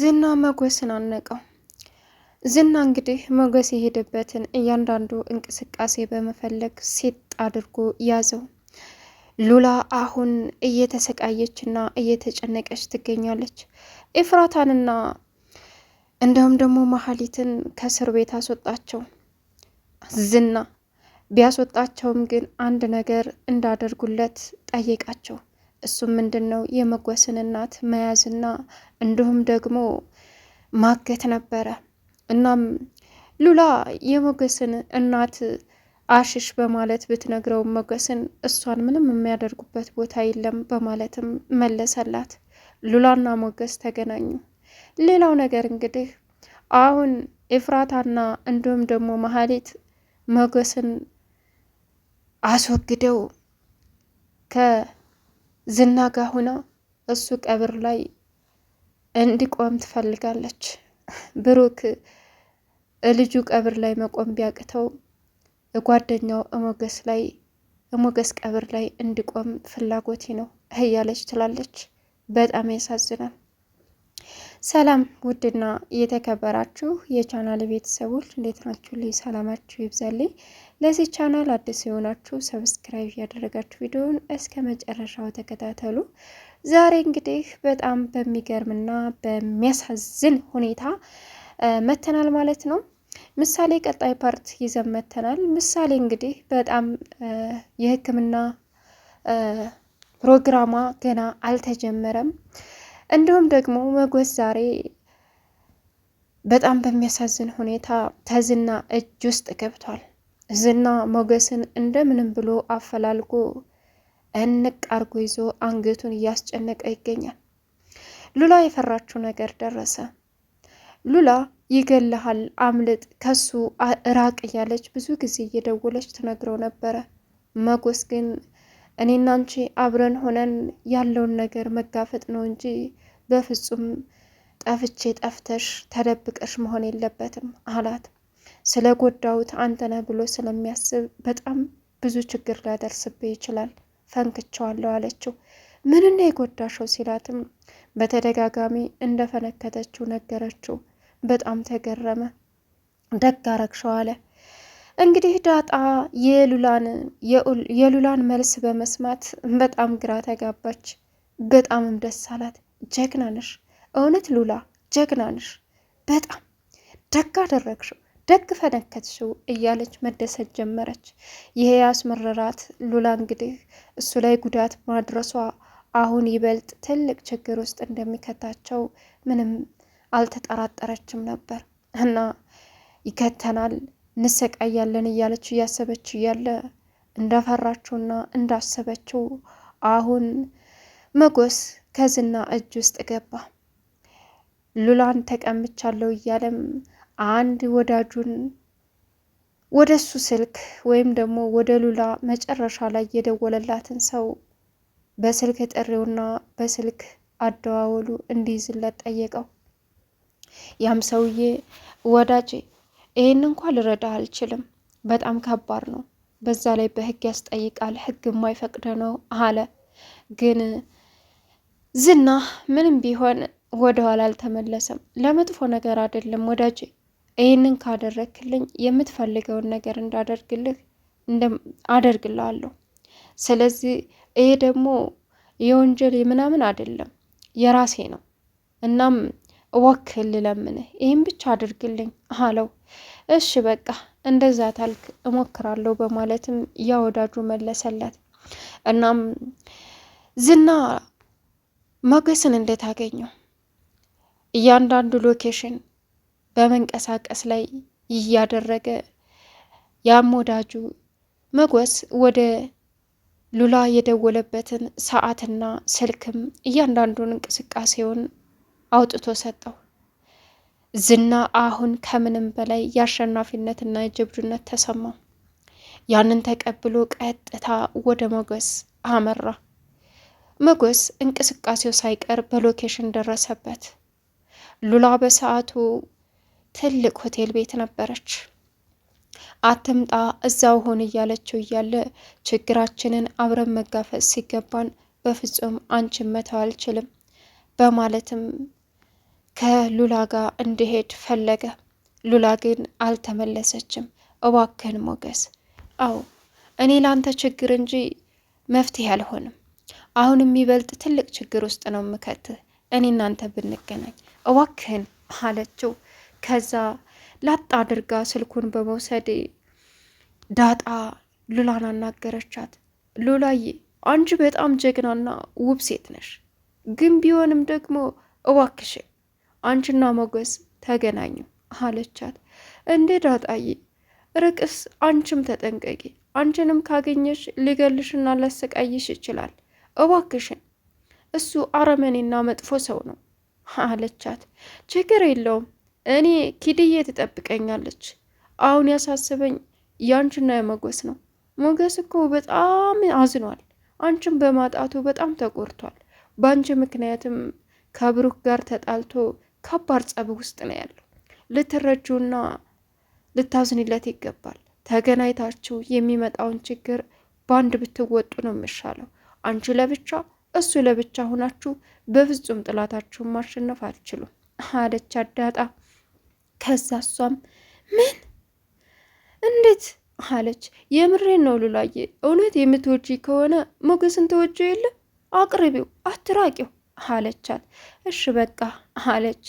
ዝና ሞገስን አነቀው። ዝና እንግዲህ ሞገስ የሄደበትን እያንዳንዱ እንቅስቃሴ በመፈለግ ሲጥ አድርጎ ያዘው። ሉላ አሁን እየተሰቃየችና እየተጨነቀች ትገኛለች። ኤፍራታንና እንደውም ደግሞ መሀሊትን ከእስር ቤት አስወጣቸው ዝና ቢያስወጣቸውም ግን አንድ ነገር እንዳደርጉለት ጠየቃቸው። እሱም ምንድን ነው የመጎስን እናት መያዝና እንዲሁም ደግሞ ማገት ነበረ። እናም ሉላ የሞገስን እናት አሽሽ በማለት ብትነግረው ሞገስን እሷን ምንም የሚያደርጉበት ቦታ የለም በማለትም መለሰላት። ሉላና ሞገስ ተገናኙ። ሌላው ነገር እንግዲህ አሁን ኤፍራታና እንዲሁም ደግሞ መሀሌት መጎስን አስወግደው ከ ዝና ጋ ሁና እሱ ቀብር ላይ እንዲቆም ትፈልጋለች። ብሩክ ልጁ ቀብር ላይ መቆም ቢያቅተው ጓደኛው እሞገስ ላይ እሞገስ ቀብር ላይ እንዲቆም ፍላጎቴ ነው እያለች ትላለች። በጣም ያሳዝናል። ሰላም ውድና የተከበራችሁ የቻናል ቤተሰቦች እንዴት ናችሁ? ልይ ሰላማችሁ ይብዛልኝ። ለዚህ ቻናል አዲስ የሆናችሁ ሰብስክራይብ ያደረጋችሁ ቪዲዮን እስከ መጨረሻው ተከታተሉ። ዛሬ እንግዲህ በጣም በሚገርምና በሚያሳዝን ሁኔታ መተናል ማለት ነው። ምሳሌ ቀጣይ ፓርት ይዘን መተናል። ምሳሌ እንግዲህ በጣም የሕክምና ፕሮግራሟ ገና አልተጀመረም። እንዲሁም ደግሞ መጎስ ዛሬ በጣም በሚያሳዝን ሁኔታ ተዝና እጅ ውስጥ ገብቷል። ዝና ሞገስን እንደምንም ብሎ አፈላልጎ እንቅ አርጎ ይዞ አንገቱን እያስጨነቀ ይገኛል። ሉላ የፈራችው ነገር ደረሰ። ሉላ ይገልሃል፣ አምልጥ፣ ከሱ ራቅ እያለች ብዙ ጊዜ እየደወለች ትነግረው ነበረ። መጎስ ግን እኔ እና አንቺ አብረን ሆነን ያለውን ነገር መጋፈጥ ነው እንጂ በፍጹም ጠፍቼ ጠፍተሽ ተደብቀሽ መሆን የለበትም አላት። ስለ ጎዳሁት አንተነ ብሎ ስለሚያስብ በጣም ብዙ ችግር ሊያደርስብህ ይችላል፣ ፈንክቸዋለሁ አለችው። ምንና የጎዳሸው ሲላትም በተደጋጋሚ እንደፈነከተችው ነገረችው። በጣም ተገረመ። ደግ አረግሸው አለ። እንግዲህ ዳጣ የሉላን መልስ በመስማት በጣም ግራ ተጋባች። በጣምም ደስ አላት። ጀግና ነሽ እውነት ሉላ፣ ጀግና ነሽ። በጣም ደግ አደረግሽው፣ ደግ ፈነከትሽው እያለች መደሰት ጀመረች። ይሄ ያስመረራት ሉላ እንግዲህ እሱ ላይ ጉዳት ማድረሷ አሁን ይበልጥ ትልቅ ችግር ውስጥ እንደሚከታቸው ምንም አልተጠራጠረችም ነበር እና ይከተናል እንሰቃያለን እያለች እያሰበች እያለ እንዳፈራችውና እንዳሰበችው አሁን መጎስ ከዝና እጅ ውስጥ ገባ። ሉላን ተቀምቻለሁ እያለም አንድ ወዳጁን ወደ እሱ ስልክ ወይም ደግሞ ወደ ሉላ መጨረሻ ላይ የደወለላትን ሰው በስልክ ጥሪውና በስልክ አደዋወሉ እንዲይዝለት ጠየቀው። ያም ሰውዬ ወዳጄ ይህን እንኳ ልረዳ አልችልም፣ በጣም ከባድ ነው፣ በዛ ላይ በህግ ያስጠይቃል፣ ህግ የማይፈቅድ ነው አለ። ግን ዝና ምንም ቢሆን ወደኋላ አልተመለሰም። ለመጥፎ ነገር አይደለም ወዳጅ፣ ይህንን ካደረግክልኝ የምትፈልገውን ነገር እንዳደርግልህ አደርግልሃለሁ። ስለዚህ ይሄ ደግሞ የወንጀል ምናምን አይደለም የራሴ ነው። እናም እወክል ልለምንህ፣ ይህን ብቻ አድርግልኝ አለው። እሺ በቃ እንደዛ ታልክ እሞክራለሁ በማለትም ያወዳጁ መለሰለት። እናም ዝና ሞገስን እንዴት አገኘው? እያንዳንዱ ሎኬሽን በመንቀሳቀስ ላይ እያደረገ ያም ወዳጁ ሞገስ ወደ ሉላ የደወለበትን ሰዓትና ስልክም እያንዳንዱን እንቅስቃሴውን አውጥቶ ሰጠው። ዝና አሁን ከምንም በላይ የአሸናፊነትና የጀብዱነት ተሰማው። ያንን ተቀብሎ ቀጥታ ወደ ሞገስ አመራ። ሞገስ እንቅስቃሴው ሳይቀር በሎኬሽን ደረሰበት። ሉላ በሰዓቱ ትልቅ ሆቴል ቤት ነበረች። አትምጣ እዛው ሆን እያለችው እያለ ችግራችንን አብረን መጋፈጥ ሲገባን በፍጹም አንቺን መተው አልችልም በማለትም ከሉላ ጋር እንዲሄድ ፈለገ። ሉላ ግን አልተመለሰችም። እባክህን ሞገስ፣ አዎ እኔ ላንተ ችግር እንጂ መፍትሄ አልሆንም። አሁን የሚበልጥ ትልቅ ችግር ውስጥ ነው ምከትህ እኔ እናንተ ብንገናኝ እባክህን አለችው። ከዛ ላጣ አድርጋ ስልኩን በመውሰድ ዳጣ ሉላን አናገረቻት። ሉላዬ አንቺ በጣም ጀግናና ውብ ሴት ነሽ፣ ግን ቢሆንም ደግሞ እባክሽን አንቺና ሞገስ ተገናኙ አለቻት። እንዴ ዳጣዬ፣ ርቅስ አንቺም ተጠንቀቂ። አንቺንም ካገኘሽ ሊገልሽና ላሰቃይሽ ይችላል። እባክሽን፣ እሱ አረመኔና መጥፎ ሰው ነው አለቻት። ችግር የለውም እኔ ኪድዬ ትጠብቀኛለች። አሁን ያሳስበኝ የአንቺና የሞገስ ነው። ሞገስ እኮ በጣም አዝኗል። አንቺም በማጣቱ በጣም ተቆርቷል። በአንቺ ምክንያትም ከብሩክ ጋር ተጣልቶ ከባድ ጸብ ውስጥ ነው ያለው። ልትረጁና ልታዝንለት ይገባል። ተገናኝታችሁ የሚመጣውን ችግር በአንድ ብትወጡ ነው የሚሻለው። አንቺ ለብቻ እሱ ለብቻ ሆናችሁ በፍጹም ጥላታችሁን ማሸነፍ አልችሉም አለች አዳጣ። ከዛ እሷም ምን እንዴት አለች። የምሬን ነው ሉላዬ፣ እውነት የምትወጂ ከሆነ ሞገስን ተወጂ የለ አቅርቢው፣ አትራቂው አለቻት። እሺ በቃ አለች።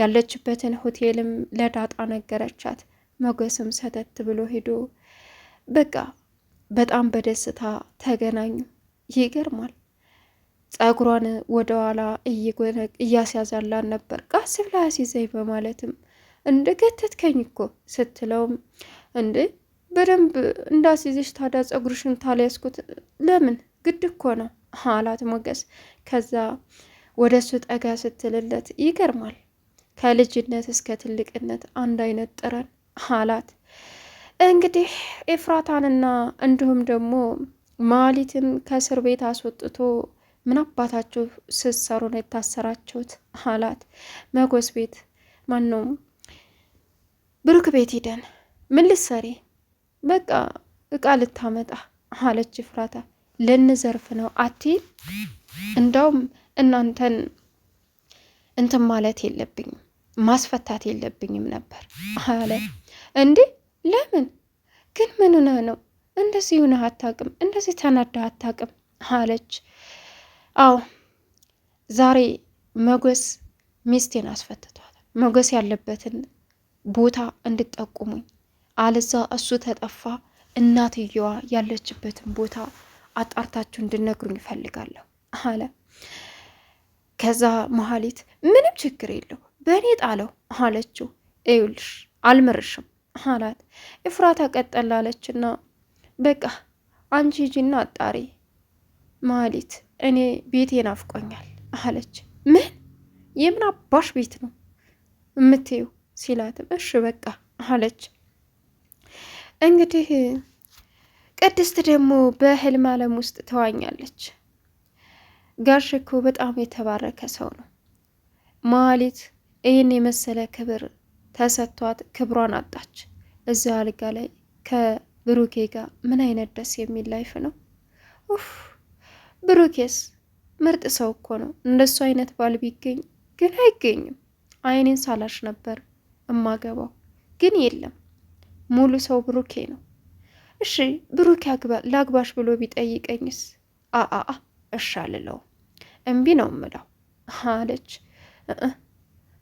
ያለችበትን ሆቴልም ለዳጣ ነገረቻት። ሞገስም ሰተት ብሎ ሄዶ በቃ በጣም በደስታ ተገናኙ። ይገርማል። ጸጉሯን ወደኋላ እያስያዛላን ነበር። ቃስ ብላ አስይዘኝ በማለትም እንደ ገተትከኝ እኮ ስትለውም እንዴ በደንብ እንዳስይዘሽ ታዲያ ጸጉርሽን ታልያዝኩት ለምን ግድ እኮ ነው አላት ሞገስ። ከዛ ወደ እሱ ጠጋ ስትልለት ይገርማል፣ ከልጅነት እስከ ትልቅነት አንድ አይነት ጥረን አላት። እንግዲህ ኤፍራታንና እንዲሁም ደግሞ ማሊትን ከእስር ቤት አስወጥቶ ምን አባታችሁ ስትሰሩ ነው የታሰራችሁት? አላት መጎስ ቤት ማነው ብሩክ ቤት ሂደን ምን ልትሰሪ? በቃ እቃ ልታመጣ አለች ፍራታ ልንዘርፍ ነው አትይም? እንደውም እናንተን እንትን ማለት የለብኝም ማስፈታት የለብኝም ነበር አለ። እንዴ ለምን ግን ምን ሆነህ ነው እንደዚህ ሆነህ አታውቅም፣ እንደዚህ ተናደህ አታውቅም አለች። አዎ ዛሬ መጎስ ሚስቴን አስፈትቷል። መጎስ ያለበትን ቦታ እንድጠቁሙኝ፣ አለዛ እሱ ተጠፋ እናትየዋ ያለችበትን ቦታ አጣርታችሁ እንድነግሩኝ ይፈልጋለሁ አለ። ከዛ መሀሊት ምንም ችግር የለው በእኔ ጣለው አለችው። ይኸውልሽ አልምርሽም አላት። እፍራታ ቀጠል አለችና በቃ አንቺ ሂጂና አጣሪ መሀሊት፣ እኔ ቤቴ ናፍቆኛል አለች። ምን የምን አባሽ ቤት ነው የምትይው ሲላትም እሺ በቃ አለች እንግዲህ ቅድስት ደግሞ በህልም ዓለም ውስጥ ተዋኛለች። ጋሽ እኮ በጣም የተባረከ ሰው ነው። መሀሊት ይህን የመሰለ ክብር ተሰጥቷት ክብሯን አጣች። እዚ አልጋ ላይ ከብሩኬ ጋር ምን አይነት ደስ የሚል ላይፍ ነው። ኡፍ ብሩኬስ ምርጥ ሰው እኮ ነው። እንደሱ አይነት ባል ቢገኝ ግን አይገኝም። አይኔን ሳላሽ ነበር እማገባው ግን የለም። ሙሉ ሰው ብሩኬ ነው። እሺ ብሩክ ላግባሽ ብሎ ቢጠይቀኝስ? አአአ እሺ አልለው እምቢ ነው ምለው አለች።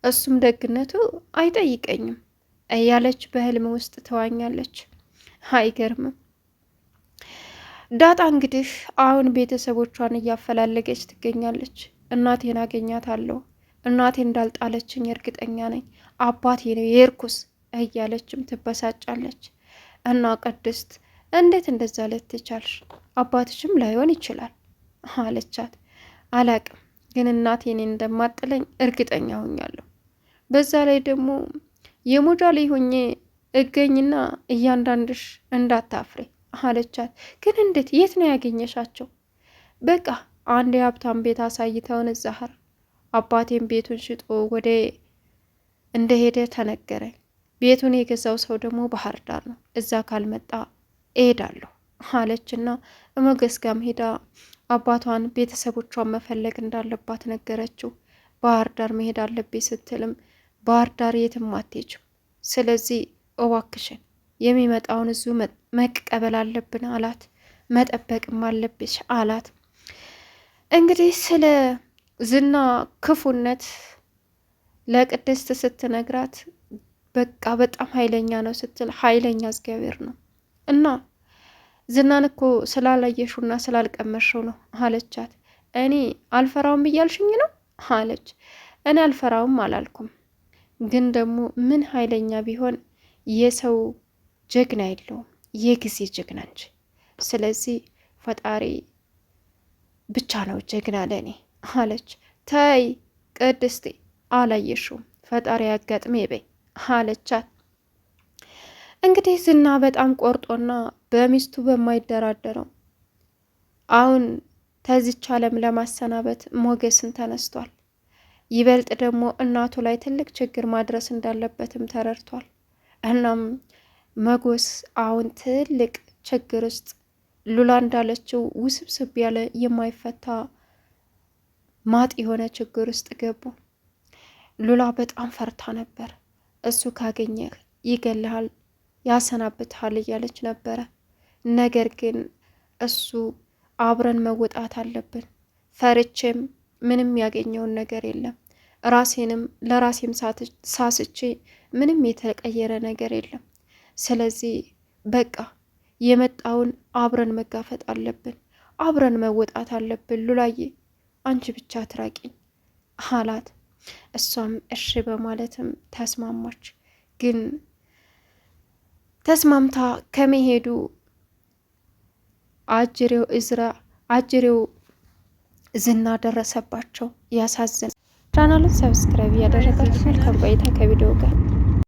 እሱም ደግነቱ አይጠይቀኝም እያለች በህልም ውስጥ ተዋኛለች። አይገርምም። ዳጣ እንግዲህ አሁን ቤተሰቦቿን እያፈላለገች ትገኛለች። እናቴን አለው። እናቴ እንዳልጣለችኝ እርግጠኛ ነኝ፣ አባቴ ነው የርኩስ እያለችም ትበሳጫለች። እና ቅድስት እንዴት እንደዛ ልትቻልሽ? አባትሽም ላይሆን ይችላል አለቻት። አላቅም ግን እናቴ እኔን እንደማጥለኝ እርግጠኛ ሆኛለሁ። በዛ ላይ ደግሞ የሞዳ ላይ ሆኜ እገኝና እያንዳንድሽ እንዳታፍሬ አለቻት። ግን እንዴት? የት ነው ያገኘሻቸው? በቃ አንድ የሀብታም ቤት አሳይተውን ዛህር አባቴን ቤቱን ሽጦ ወደ እንደሄደ ተነገረኝ። ቤቱን የገዛው ሰው ደግሞ ባህር ዳር ነው። እዛ ካልመጣ እሄዳለሁ አለችና ሞገስ ጋም ሄዳ አባቷን ቤተሰቦቿን መፈለግ እንዳለባት ነገረችው። ባህር ዳር መሄድ አለብኝ ስትልም ባህር ዳር የትም አትሄጂም፣ ስለዚህ እባክሽን የሚመጣውን እዙ መቀበል አለብን አላት። መጠበቅም አለብሽ አላት። እንግዲህ ስለ ዝና ክፉነት ለቅድስት ስትነግራት በቃ በጣም ኃይለኛ ነው ስትል ኃይለኛ እግዚአብሔር ነው እና ዝናን እኮ ስላላየሹና ስላልቀመሽው ነው አለቻት። እኔ አልፈራውም እያልሽኝ ነው አለች። እኔ አልፈራውም አላልኩም፣ ግን ደግሞ ምን ኃይለኛ ቢሆን የሰው ጀግና የለውም የጊዜ ጀግና እንጂ። ስለዚህ ፈጣሪ ብቻ ነው ጀግና ለእኔ አለች። ተይ ቅድስቴ አላየሽውም፣ ፈጣሪ ያጋጥሜ በይ አለቻት። እንግዲህ ዝና በጣም ቆርጦና በሚስቱ በማይደራደረው አሁን ተዚች ዓለም ለማሰናበት ሞገስን ተነስቷል። ይበልጥ ደግሞ እናቱ ላይ ትልቅ ችግር ማድረስ እንዳለበትም ተረድቷል። እናም መጎስ አሁን ትልቅ ችግር ውስጥ ሉላ እንዳለችው ውስብስብ ያለ የማይፈታ ማጥ የሆነ ችግር ውስጥ ገቡ። ሉላ በጣም ፈርታ ነበር። እሱ ካገኘህ ይገልሃል ያሰናብትሃል እያለች ነበረ። ነገር ግን እሱ አብረን መወጣት አለብን፣ ፈርቼም ምንም ያገኘውን ነገር የለም ራሴንም ለራሴም ሳስቼ ምንም የተቀየረ ነገር የለም። ስለዚህ በቃ የመጣውን አብረን መጋፈጥ አለብን፣ አብረን መወጣት አለብን። ሉላዬ አንቺ ብቻ ትራቂኝ አላት። እሷም እሺ በማለትም ተስማማች ግን ተስማምታ ከመሄዱ አጅሬው እዝራ አጅሬው ዝና ደረሰባቸው። ያሳዝን። ቻናሉን ሰብስክራይብ እያደረጋችሁ መልካም ቆይታ ከቪዲዮ ጋር